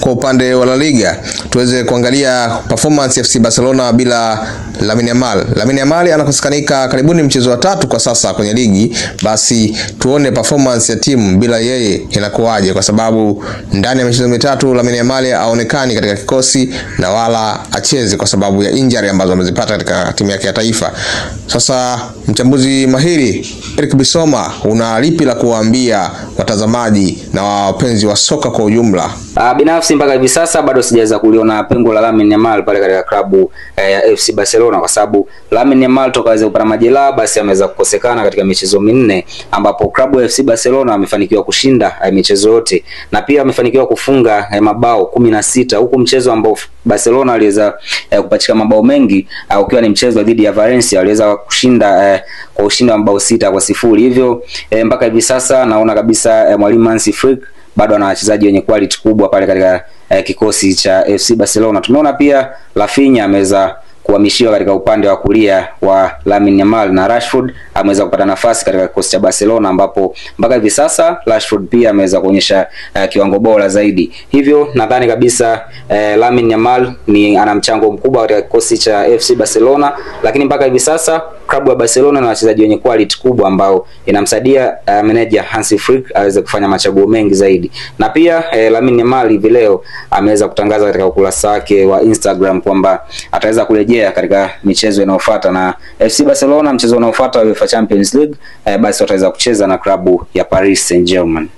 kwa upande wa La Liga tuweze kuangalia performance ya FC Barcelona bila Lamine Yamal. Lamine Yamal anakosekanika karibuni mchezo wa tatu kwa sasa kwenye ligi, basi tuone performance ya timu bila yeye inakuwaje, kwa sababu ndani ya michezo mitatu Lamine Yamal haonekani katika kikosi na wala acheze kwa sababu ya injury ambazo amezipata katika timu yake ya taifa. Sasa mchambuzi mahiri Eric Bisoma, una lipi la kuwaambia watazamaji na wapenzi wa soka kwa ujumla? Uh, binafsi binafsi mpaka hivi sasa bado sijaweza kuliona pengo la Lamine Yamal pale katika klabu eh, ya eh, FC Barcelona kwa sababu Lamine Yamal toka aweze kupata majeraha basi ameweza kukosekana katika michezo minne ambapo klabu ya FC Barcelona amefanikiwa kushinda eh, michezo yote na pia amefanikiwa kufunga eh, mabao kumi na sita huku mchezo ambao Barcelona aliweza eh, kupachika mabao mengi eh, ukiwa ni mchezo dhidi ya Valencia aliweza kushinda eh, kwa ushindi wa mabao sita kwa sifuri hivyo eh, mpaka hivi sasa naona kabisa eh, mwalimu Hansi Flick bado ana wachezaji wenye quality kubwa pale katika eh, kikosi cha FC Barcelona. Tumeona pia Rafinha ameweza kuhamishiwa katika upande wa kulia wa Lamine Yamal na Rashford ameweza kupata nafasi katika kikosi cha Barcelona, ambapo mpaka hivi sasa Rashford pia ameweza kuonyesha uh, kiwango bora zaidi. Hivyo nadhani kabisa uh, eh, Lamine Yamal ni ana mchango mkubwa katika kikosi cha FC Barcelona, lakini mpaka hivi sasa klabu ya Barcelona na wachezaji wenye quality kubwa ambao inamsaidia uh, eh, manager Hansi Flick aweze kufanya machaguo mengi zaidi. Na pia eh, Lamine Yamal hivi leo ameweza kutangaza katika ukurasa wake wa Instagram kwamba ataweza kurejea kuingia katika michezo inayofuata, na FC Barcelona mchezo unaofuata wa UEFA Champions League eh, basi wataweza kucheza na klabu ya Paris Saint-Germain.